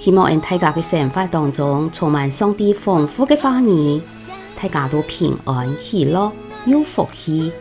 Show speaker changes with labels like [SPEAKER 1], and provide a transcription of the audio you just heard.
[SPEAKER 1] 希望我大家的生活當中充滿上帝豐富的話語，大家都平安、喜樂、有福氣。